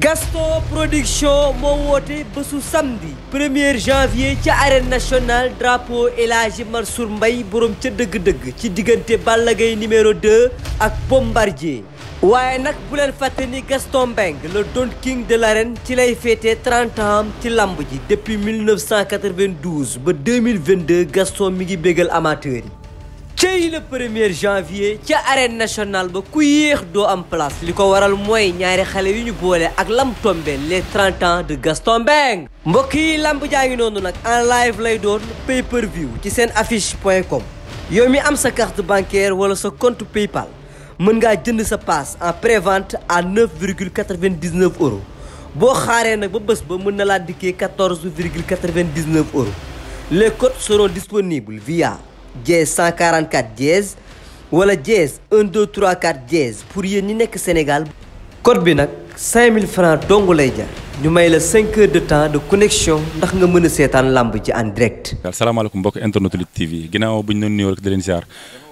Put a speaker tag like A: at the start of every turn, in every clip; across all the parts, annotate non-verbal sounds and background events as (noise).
A: Gaston production moo woote bésu samedi 1er janvier ci arène nationale drapeau El Hadji Mansour Mbaye borom ca dëgg-dëgg ci diggante Balla Gaye numéro 2 ak Bombardier. waaye nag bu leen fàtte ni Gaston Mbengue la Don King de l'arène ci lay féete 30 ans ci lamb ji depuis 1992 ba 2022 Gaston mi ngi bégal amateur yi. cey le premier janvier ca arène national ba ku yéex doo am place li ko waral mooy ñaari xale yu ñu boole ak lam tombé les 30 ans de Gaston Mbengue mbokk yi lamp jaa ngi noonu nag en live lay doon pay per ci seen affiche point com yow mi am sa carte bancaire wala sa compte paypal mën ngaa jënd sa passe en prévente à 9 virgule 99 euros boo xaaree nag ba bés ba mën na laa dikkee 14 virgule 99 euros les codes seront disponibles via. dièse 144 dièse wala dièse 1 2 3 4 dièse pour yéen ñi nekk Sénégal. code bi nag 5000 francs dong lay jar ñu may la cinq heures de temps de connexion ndax nga mën a seetaan làmb ci en direct.
B: asalaamaaleykum mbokk internet Lutte TV ginnaaw bu ñu doon nuyoo rek di leen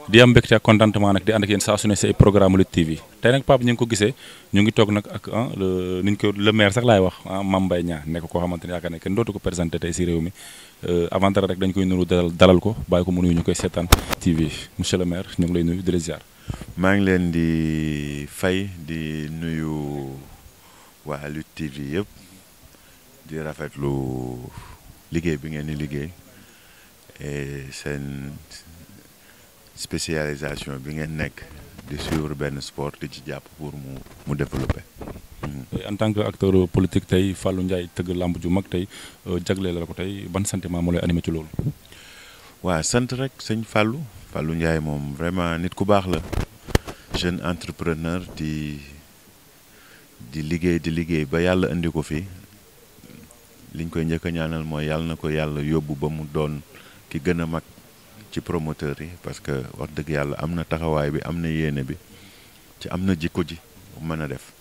B: di am mbégte ak contentement nag di ànd ak yéen saa su ne si ay programme Lutte TV tey nag Pape ñu ngi ko gisee ñu ngi toog nag ak ah, le ni ñu ko le maire sax laay wax ah Mame Mbaye nekk koo xamante ne yaakaar ne kenn dootu ko présenté tey si réew mi euh, avant rek dañ koy nuyu dalal ko bàyyi ko mu nuyu ñu koy seetaan TV monsieur le maire ñu ngi lay nuyu di la maa ngi leen di fay di nuyu
C: waa Lutte TV yëpp di rafetlu liggéey bi ngeen di liggéey spécialisation
B: bi ngeen nekk di suivre benn sport di ci jàpp pour mu mu développer. en tant que acteur politique tey Fallou Ndiaye tëgg làmb ju mag tey euh, jagle la ko tey ban sentiment moo lay animé ci loolu. waa sant rek sëñ Fallou Fallou Ndiaye moom vraiment nit
C: ku baax la jeune entrepreneur di di liggéey di liggéey ba yàlla indi ko fii liñ koy njëkk ñaanal mooy yàlla na ko yàlla yóbbu ba mu doon ki gën a mag. ci promoteur yi parce que wax dëgg yàlla am na taxawaay bi am na yéene bi ci am na jikko ji mën a def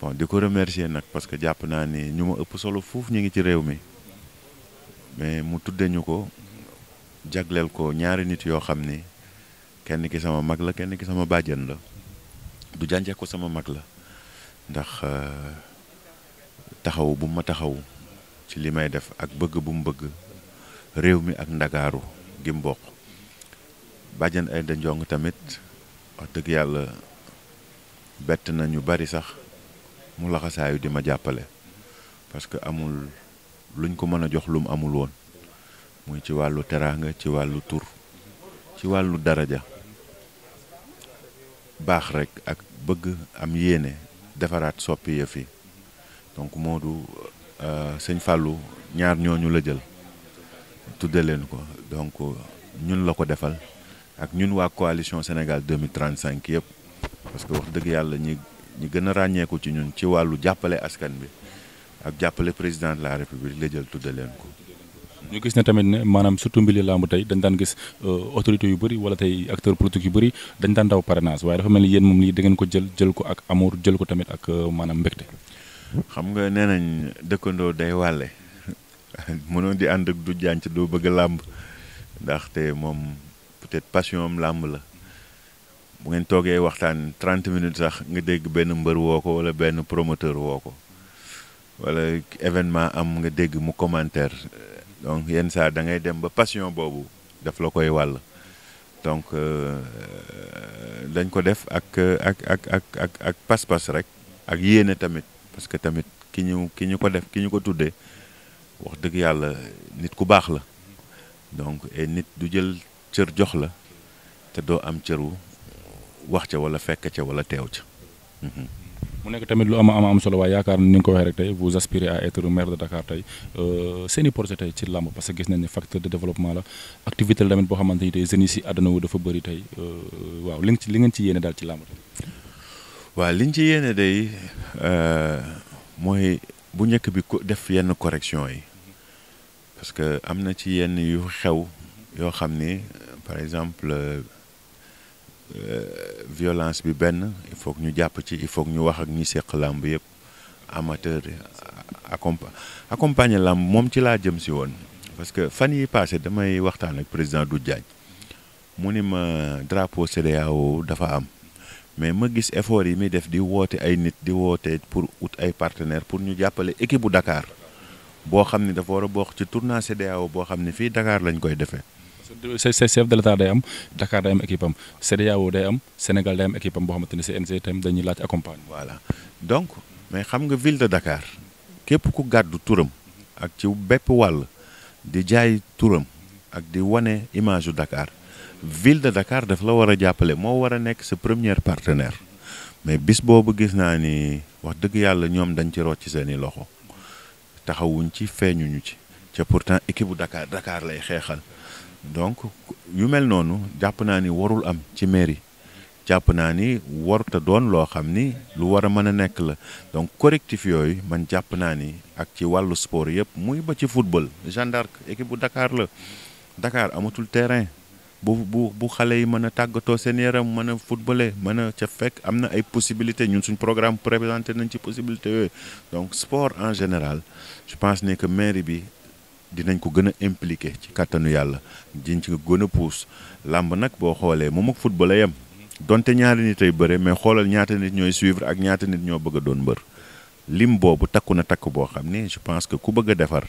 C: bon di ko remercier nag parce que jàpp naa ni ñu ma ëpp solo fuuf ñu ngi ci réew mi mais mu tudde ñu ko jagleel ko ñaari nit yoo xam ni kenn ki sama mag la kenn ki sama bàjjan la du jànjeex ko sama mag la ndax euh, taxaw bu ma taxaw ci li may def ak bëgg bu mu bëgg réew mi ak ndagaaru gi mu bokk ay Aïda Ndiong tamit wax dëgg yàlla bett na ñu bari sax mu laxasaayu di ma jàppale parce que amul luñ ko mën a jox lu mu amul woon muy ci wàllu teraanga ci wàllu tur ci wàllu daraja baax rek ak bëgg am yéene defaraat soppi yëf yi donc Modou euh, sëñ Fallou ñaar ñooñu la jël tuddee leen ko donc ñun la ko defal ak ñun waa coalition Sénégal 2035 yëpp parce que wax dëgg yàlla ñi ñi gën a ràññeeku ci ñun ci wàllu jàppale askan bi ak jàppale président de la république la jël tuddee leen ko.
B: ñu gis ne tamit ne maanaam surtout mbiri làmb tey dañ daan gis euh, autorités yu bëri wala tey acteur politiques yu bëri dañ daan daw parrainage waaye dafa mel ni yéen moom lii da ngeen ko jël jël ko ak amour jël ko tamit ak euh, maanaam mbégte. xam nga nee nañ dëkkandoo day wàlle (laughs) mënoo di ànd ak
C: du jànc doo bëgg làmb ndaxte moom peut-être passion am làmb la bu ngeen toogee waxtaan 30 minutes sax nga dégg benn mbër woo ko wala benn promoteur woo ko wala événement am nga dégg mu commentaire donc yenn saa da ngay dem ba passion boobu daf la koy wàll donc euh, dañ ko def ak ak ak ak ak ak rek ak yéene tamit parce que tamit ki ñu ki ñu ko def ki ñu ko tuddee wax dëgg yàlla nit ku baax la donc nit du jël cër jox la te doo am cëru wax ca wala fekk ca wala teew ca.
B: Mhm. mu nekk tamit lu ama ama am solo waaye yaakaar ni nga ko waxee rek tey vous aspirez à être maire de Dakar tey euh, seen i projet tey ci làmb parce que gis nañ ni facteur de développement la activité la tamit boo xamante ni tey jeunes yi si àdduna wu dafa bëri tey euh, waaw li nga ci li ngeen ci yéene daal ci làmb tey.
C: waaw liñ ci yéene day euh, mooy bu njëkk bi ko def yenn correction yi parce que am na ci yenn yu xew yoo xam ni par exemple euh, violence bi benn il faut que ñu jàpp ci il faut que ñu wax ak ñu seq làmb yëpp amateur accompa accompagner làmb moom ci laa jëm si woon parce que fan yi passé damay waxtaan ak président Doudou Diagne mu ni ma drapeau CEDEAO dafa am mais ma gis effort yi muy def di woote ay nit di woote pour ut ay partenaires pour ñu jàppale équipe bu Dakar boo xam ne dafa war a bokk ci tournoi CEDEAO
B: boo xam ne fii Dakar lañ koy defee. parce que chef de l'État am dakaar day am équipe am CEDEAO day am Sénégal day am équipe boo xamante ne CNG tam dañuy laaj accompagne. voilà donc mais xam nga ville de Dakar képp ku gàddu turam ak ci bépp wàll
C: di jaay turam ak di wane image yu dakaar ville de Dakar daf la war a jàppale moo war a nekk sa première partenaire mais bis boobu gis naa ni wax dëgg yàlla ñoom dañ ci rocc seeni loxo. taxawuñ ci feeñuñu ci ca pourtant équipe bu Dakar Dakar lay xeexal donc yu mel noonu jàpp naa ni warul am ci mairie jàpp naa ni warut a doon loo xam ni lu war a mën a nekk la donc correctif yooyu man jàpp naa ni ak ci wàllu sport yëpp muy ba ci football Jeanne d'Arc bu Dakar la Dakar amatul terrain bu bu bu xale yi mën a tàggatoo seen yaram mën a footballé mën a ca fekk am na ay possibilités ñun suñ programme présenté nañ ci possibilité yooyu donc sport en général je pense ne que mairie bi dinañ ko gën a impliqué ci kàttanu yàlla diñ ci gën a pousse làmb nag boo xoolee moom ak football yam donte ñaari nit ay bëre mais xoolal ñaata nit ñooy suivre ak ñaata nit ñoo bëgg doon mbër lim boobu takku na takk boo xam ni je pense que ku bëgg a defar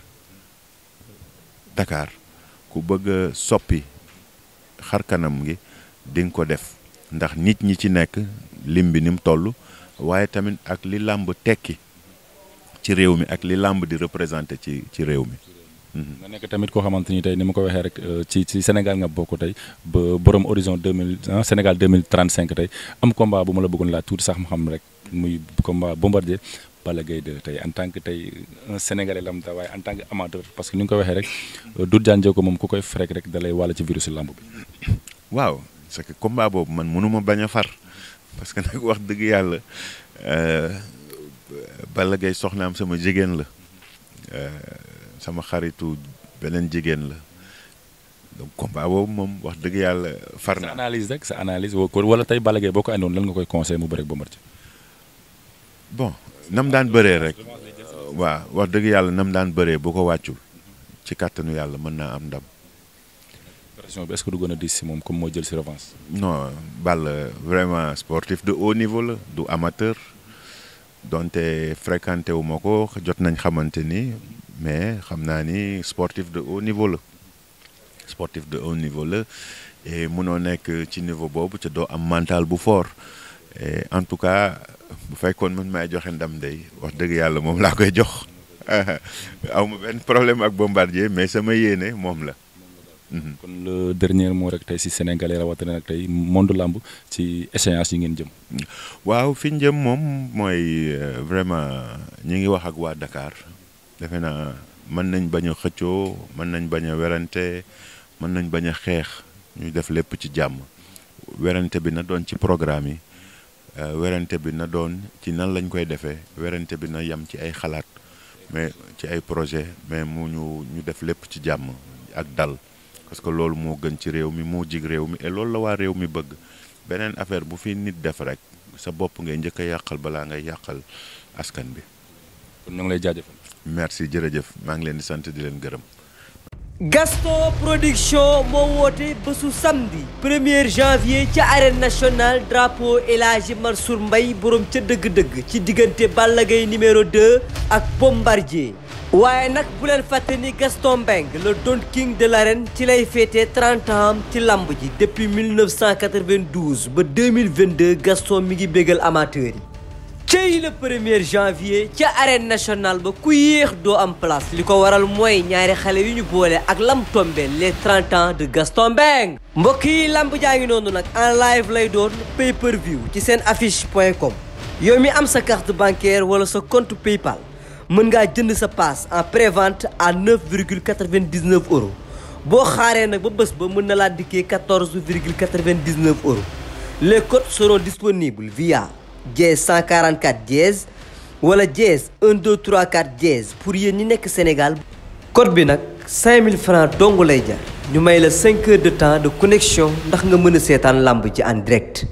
C: Dakar ku bëgg a soppi xar kanam ngi di nga ko def ndax nit ñi ci nekk lim bi ni mu toll waaye tamit ak li làmb tekki
B: ci réew mi ak li làmb di représenté ci ci réew mi. Mhm. nga nekk tamit koo xamante ni tey ni ma ko waxee rek euh, ci ci Sénégal nga bokk tey ba borom horizon deux mille ah, Sénégal deux cinq tey am combat bu ma la bëggoon laaj tuuti sax ma xam rek muy combat bombardier Balla Gaye 2 tey en tant que tey un sénégalais lam ta waaye en tant que amateur parce que ni nga ko waxee rek euh, Doudou Diagne Diécko moom ku koy frek lamb bi. waaw c'est que combat boobu
C: man mënuma bañ a far parce que (laughs) nag wax dëgg yàlla euh, Balla Gaye soxnaam sama jigéen la euh, sama xaritu beneen
B: jigéen la donc combat boobu moom wax dëgg yàlla far na. sa analyse rek sa analyse wala tey Balla Gaye boo ko àndoon lan nga koy conseil mu bëri ba mën ci. daan
C: bëree rek. waaw wax dëgg yàlla nam daan bëree bu ko wàccul. ci kàttanu yàlla mën naa am ndam. pression bi est-ce a diis moom comme moo jël si revanche. non Balla vraiment sportif de haut niveau la du amateur donte fréquenté wu ma ko jot nañ xamante ni mais xam naa ni sportif de haut niveau la sportif de haut niveau la et mënoo nekk ci niveau boobu te doo am mental bu fort e en tout cas bu fekkoon man maay joxe ndam day wax dëgg yàlla moom laa koy jox. (laughs) aw ma benn problème ak bombardier mais sama yéene
B: moom la Mhm. kon le dernier mot rek tey si sénégalais rawatina nag tey monde làmb ci échéance yi ngeen jëm. waaw fi ñu jëm moom mooy euh, vraiment
C: ñu ngi wax ak waa dakaar defe na mën nañ bañ xëccoo mën nañ bañ a werante mën nañ bañ a xeex ñu def lépp ci jàmm werante bi na doon ci programme yi euh, werante bi na doon ci nan lañ koy defee werante bi na yem ci ay xalaat mais ci ay projet mais mu ñu def lépp ci jàmm ak dal. parce que loolu moo gën ci réew mi moo jig réew mi et loolu la waa réew mi bëgg beneen affaire bu fi nit def rek sa bopp ngay njëkk a yàqal balaa ngay yàqal askan bi. kon na nga merci jërëjëf maa ngi leen di sant di leen gërëm.
A: Gaston Production moo woote bésu samedi 1 janvier ca arène nationale drapeau El Hadji mbay Mbaye ca dëgg-dëgg ci diggante Balla Gaye numéro 2 ak Bombardier. waaye nag bu leen fàtte ni Gaston Mbengue le Don King de l'arène ci lay féetee 30 ans ci lamb ji depuis 1992 ba 2022 Gaston mi ngi béggal amateurs yi. cey le premier janvier ca arène nationale ba ku yéex doo am place li ko waral mooy ñaari xale yu ñu boole ak lam tombé les 30 ans de Gaston Mbengue. mbokk yi lamb jaa ngi noonu nag en live lay doon pay per view ci seen affiche point com yow mi am sa carte bancaire wala sa compte paypal. mën ngaa jënd sa paas en prévente à 9,99 euros boo xaaree nag ba bés ba mën na laa dikkee 14,99 euros les codes seront disponibles via dièse 144 dièse wala dièse 1 2 3 4 dièse pour yéen ñi nekk Sénégal. code bi nag 5000 francs dong lay jar ñu may la 5 heures de temps de connexion ndax nga mën a seetaan làmb ci en direct.